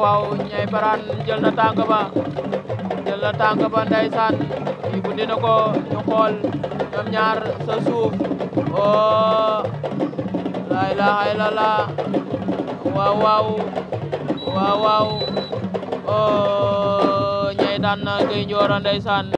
waaw waaw ñay baraan jël na tànk ba jël na tànk ba ndeysaan yi bu dina ko ñu xool ñoom ñaar sa suuf o oh, laa ilaaha illallah waaw waaw waaw waaw o oh, daan na kay njoora ndeysaan